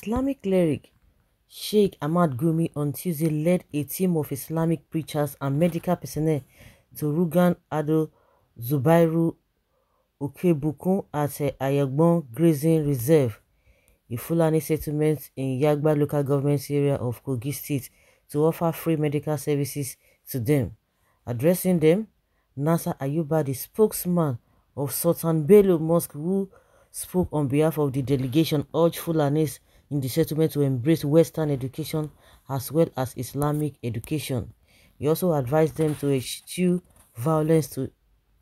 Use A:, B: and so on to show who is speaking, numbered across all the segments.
A: Islamic cleric Sheikh Ahmad Gumi on Tuesday led a team of Islamic preachers and medical personnel to Rugan Ado Zubairu Okebukun at Ayagbon Grazing Reserve, a Fulani settlement in Yagba local government area of Kogi State, to offer free medical services to them. Addressing them, Nasa Ayuba, the spokesman of Sultan Bello Mosque, who spoke on behalf of the delegation, urged Fulanis in the settlement to embrace Western education as well as Islamic education. He also advised them to eschew violence to,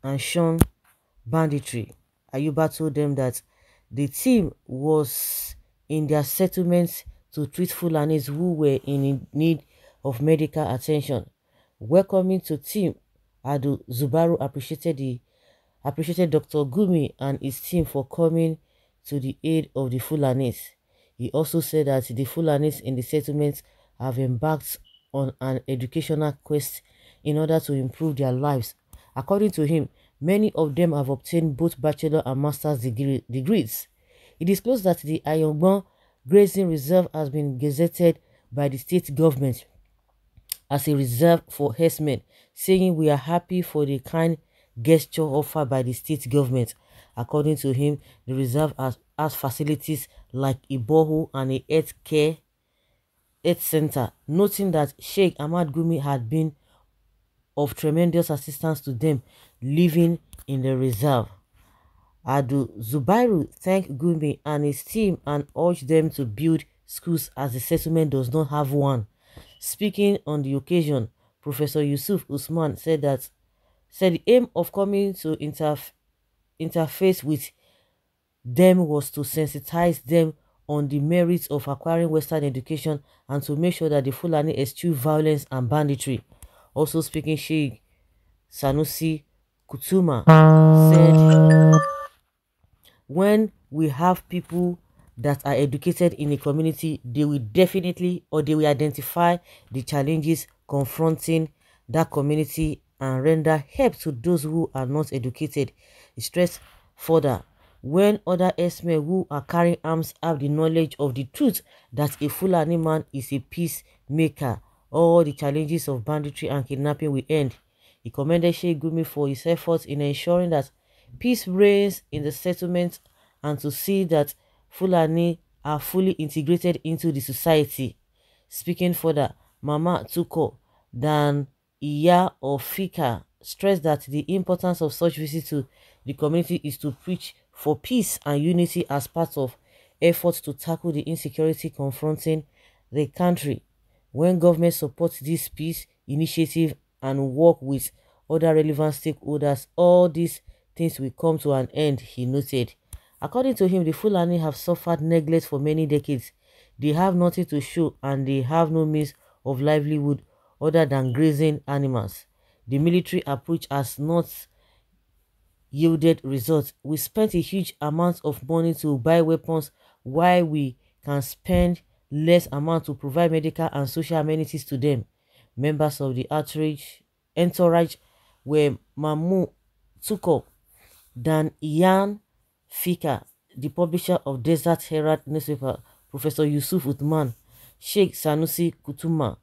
A: and shun banditry. Ayuba told them that the team was in their settlements to treat Fulanis who were in need of medical attention. Welcoming to team, Adu Zubaru appreciated the appreciated Dr. Gumi and his team for coming to the aid of the Fulanis. He also said that the Fulanis in the settlements have embarked on an educational quest in order to improve their lives. According to him, many of them have obtained both bachelor and master's degree, degrees. He disclosed that the Ayongbon Grazing Reserve has been gazetted by the state government as a reserve for herdsmen, saying we are happy for the kind gesture offered by the state government. According to him, the reserve has, has facilities like Ibohu and a health care health center, noting that Sheikh Ahmad Gumi had been of tremendous assistance to them living in the reserve. Adu Zubairu thanked Gumi and his team and urged them to build schools as the settlement does not have one. Speaking on the occasion, Professor Yusuf Usman said that said the aim of coming to interf interface with them was to sensitize them on the merits of acquiring Western education and to make sure that the Fulani eschew violence and banditry. Also speaking, Sheikh Sanusi Kutuma said, When we have people that are educated in a community, they will definitely or they will identify the challenges confronting that community and render help to those who are not educated. He stressed further when other herdsmen who are carrying arms have the knowledge of the truth that a Fulani man is a peacemaker, all the challenges of banditry and kidnapping will end. He commended Sheikh Gumi for his efforts in ensuring that peace reigns in the settlement and to see that Fulani are fully integrated into the society. Speaking further, Mama Tuko Dan Iya of Fika stressed that the importance of such visits to the community is to preach for peace and unity as part of efforts to tackle the insecurity confronting the country. When government supports this peace initiative and work with other relevant stakeholders, all these things will come to an end, he noted. According to him, the Fulani have suffered neglect for many decades. They have nothing to show and they have no means of livelihood other than grazing animals. The military approach has not yielded results. We spent a huge amount of money to buy weapons while we can spend less amount to provide medical and social amenities to them. Members of the outrage entourage were Mamu Tuko, Dan Ian Fika, the publisher of Desert Herald newspaper, Professor Yusuf Uthman, Sheikh Sanusi Kutuma,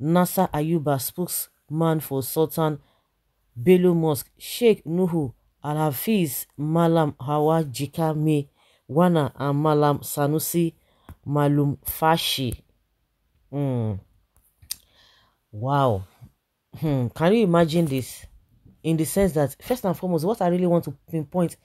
A: Nasa Ayuba, spokesman for Sultan Belo Mosque, Sheikh Nuhu and Hafiz Malam Hawa Jika May Wana and Malam Sanusi Malum Fashi. Mm. Wow. Hmm. Can you imagine this? In the sense that, first and foremost, what I really want to pinpoint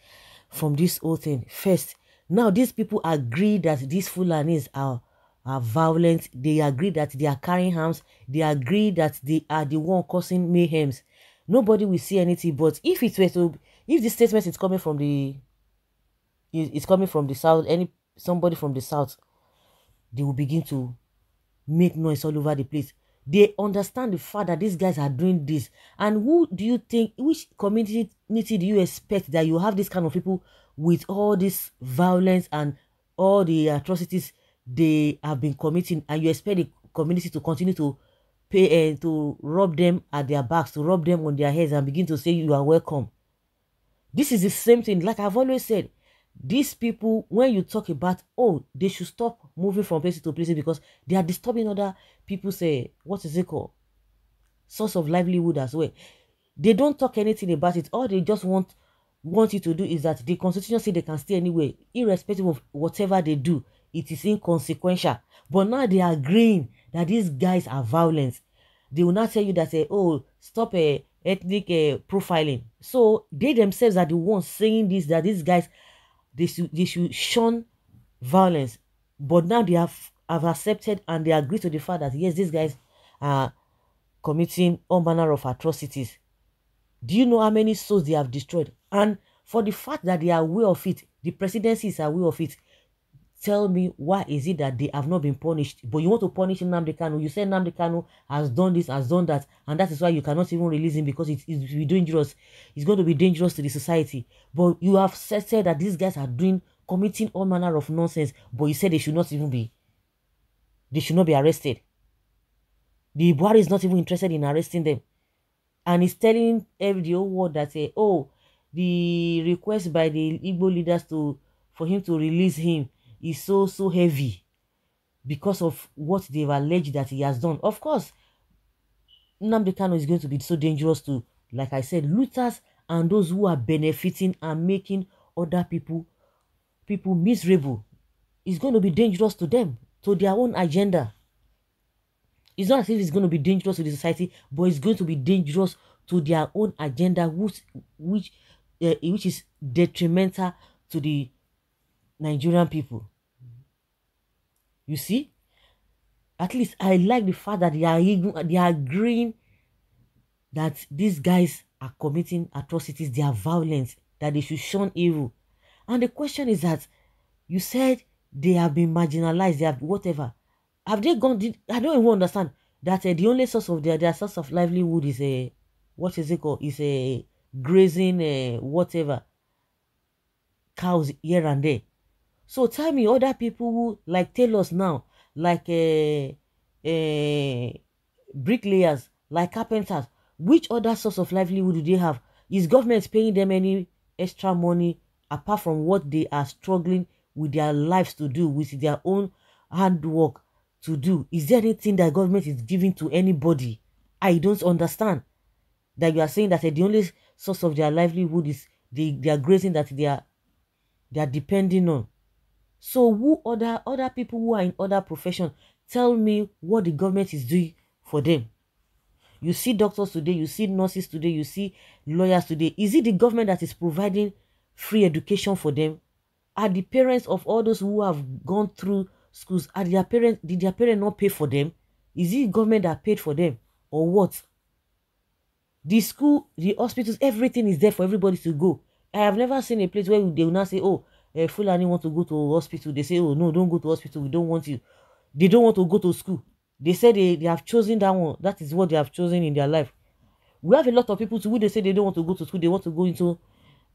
A: from this whole thing, first, now these people agree that these Fulanis are are violent. They agree that they are carrying arms. They agree that they are the one causing mayhems. Nobody will see anything. But if it were to if this statement is coming from the is coming from the south any somebody from the south they will begin to make noise all over the place they understand the fact that these guys are doing this and who do you think which community do you expect that you have this kind of people with all this violence and all the atrocities they have been committing and you expect the community to continue to pay and uh, eh, to rub them at their backs to rub them on their heads and begin to say you are welcome this is the same thing. Like I've always said, these people, when you talk about, oh, they should stop moving from place to place because they are disturbing other people, say, what is it called? Source of livelihood as well. They don't talk anything about it. All they just want want you to do is that the constitution say they can stay anywhere, irrespective of whatever they do. It is inconsequential. But now they are agreeing that these guys are violent. They will not tell you that, say, eh, oh, stop a eh, ethnic uh, profiling. So they themselves are the ones saying this that these guys they should they should shun violence. But now they have have accepted and they agree to the fact that yes, these guys are committing all manner of atrocities. Do you know how many souls they have destroyed? And for the fact that they are aware of it, the presidency is aware of it. Tell me why is it that they have not been punished? But you want to punish Nnamdi You say Nnamdi has done this, has done that, and that is why you cannot even release him because it's be dangerous. It's going to be dangerous to the society. But you have said, said that these guys are doing, committing all manner of nonsense. But you said they should not even be. They should not be arrested. The Buhari is not even interested in arresting them, and he's telling every the whole world that say, eh, oh, the request by the Igbo leaders to for him to release him is so so heavy because of what they've alleged that he has done. Of course, Namdekano is going to be so dangerous to, like I said, looters and those who are benefiting and making other people people miserable. It's going to be dangerous to them, to their own agenda. It's not as if it's going to be dangerous to the society, but it's going to be dangerous to their own agenda, which which uh, which is detrimental to the Nigerian people. You see? At least I like the fact that they are, they are agreeing that these guys are committing atrocities, they are violent, that they should shun evil. And the question is that you said they have been marginalized, they have whatever. Have they gone? Did, I don't even understand that uh, the only source of their, their source of livelihood is a uh, what is it called? Is a uh, grazing, uh, whatever cows here and there. So tell me, other people who like tailors now, like uh, uh, bricklayers, like carpenters, which other source of livelihood do they have? Is government paying them any extra money apart from what they are struggling with their lives to do, with their own hard work to do? Is there anything that government is giving to anybody? I don't understand that you are saying that uh, the only source of their livelihood is the, their grazing that they are they are depending on. So who other other people who are in other profession tell me what the government is doing for them? You see doctors today, you see nurses today, you see lawyers today. Is it the government that is providing free education for them? Are the parents of all those who have gone through schools, are their parents did their parents not pay for them? Is it government that paid for them or what? The school, the hospitals, everything is there for everybody to go. I have never seen a place where they will not say, oh, uh, Fulani want to go to hospital. They say, oh, no, don't go to hospital. We don't want you. They don't want to go to school. They say they, they have chosen that one. That is what they have chosen in their life. We have a lot of people to who they say they don't want to go to school. They want to go into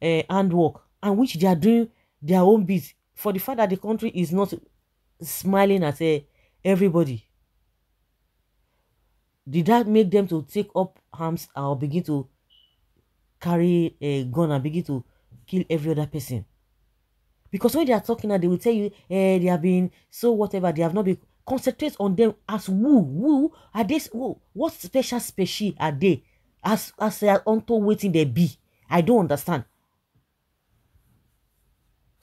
A: uh, handwork and which they are doing their own bit for the fact that the country is not smiling at uh, everybody. Did that make them to take up arms or begin to carry a gun and begin to kill every other person? because when they are talking now they will tell you eh, they have been so whatever they have not been concentrate on them as who who are this who what special species are they as as they are unto waiting they be i don't understand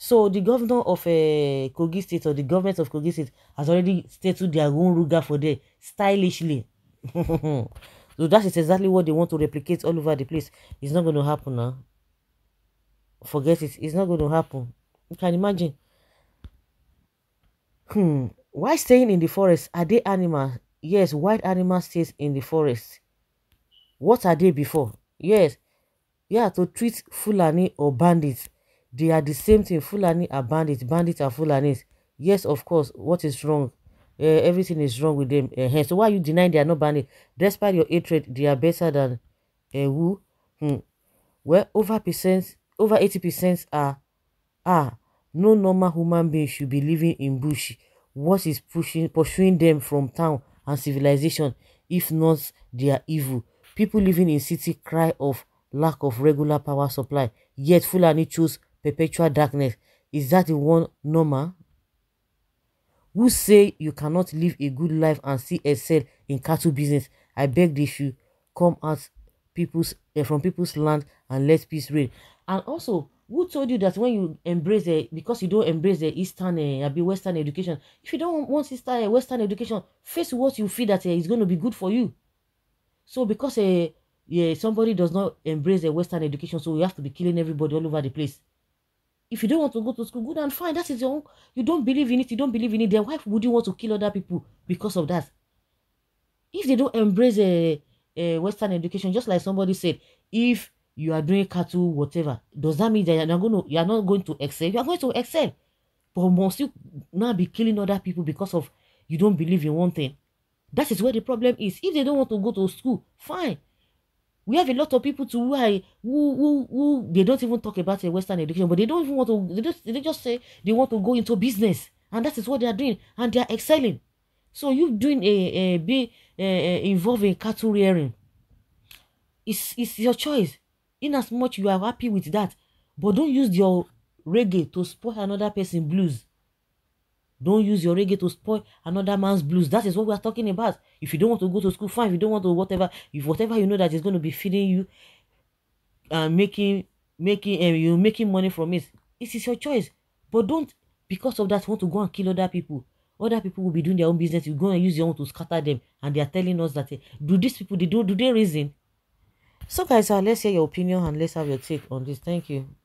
A: so the governor of uh, kogi state or the government of kogi state has already stated their own ruga for there stylishly so that is exactly what they want to replicate all over the place it's not going to happen now huh? forget it it's not going to happen You can imagine. Hmm. Why staying in the forest? Are they animals? Yes, wild animals stays in the forest. What are they before? Yes. Yeah, to treat Fulani or bandits. They are the same thing. Fulani are bandits. Bandits are Fulanis. Yes, of course. What is wrong? Uh, everything is wrong with them. Uh, so why you denying they are not bandits? Despite your hatred, they are better than uh, who? Hmm. Well, over percent, over 80% are Ah, no normal human being should be living in bush. What is pushing, pursuing them from town and civilization if not their evil? People living in city cry of lack of regular power supply, yet Fulani choose perpetual darkness. Is that the one normal? Who say you cannot live a good life and see excel in cattle business? I beg they should come out people's uh, from people's land and let peace reign. And also, who told you that when you embrace it because you don't embrace the eastern uh, abi western education if you don't want eastern uh, western education face what you feel that uh, is going to be good for you so because uh, yeah, somebody does not embrace the western education so you have to be killing everybody all over the place if you don't want to go to school good and fine that is your own you don't believe in it you don't believe in it then why would you want to kill other people because of that if they don't embrace a, a western education just like somebody said if you are doing cattle whatever does that mean that you're not going you're not going to excel you are going to excel but must you now be killing other people because of you don't believe in one thing that is where the problem is if they don't want to go to school fine we have a lot of people to why who who who they don't even talk about a western education but they don't even want to they just they just say they want to go into business and that is what they are doing and they are excelling so you doing a a be eh, a, eh, a involved in cattle rearing it's it's your choice in as much you are happy with that but don't use your reggae to spoil another person blues don't use your reggae to spoil another man's blues that is what we are talking about if you don't want to go to school fine if you don't want to whatever if whatever you know that is going to be feeding you and making making and um, you making money from it it is your choice but don't because of that want to go and kill other people other people will be doing their own business you go and use your own to scatter them and they are telling us that hey, eh, do these people they do do they reason So guys, uh, let's hear your opinion and let's have your take on this. Thank you.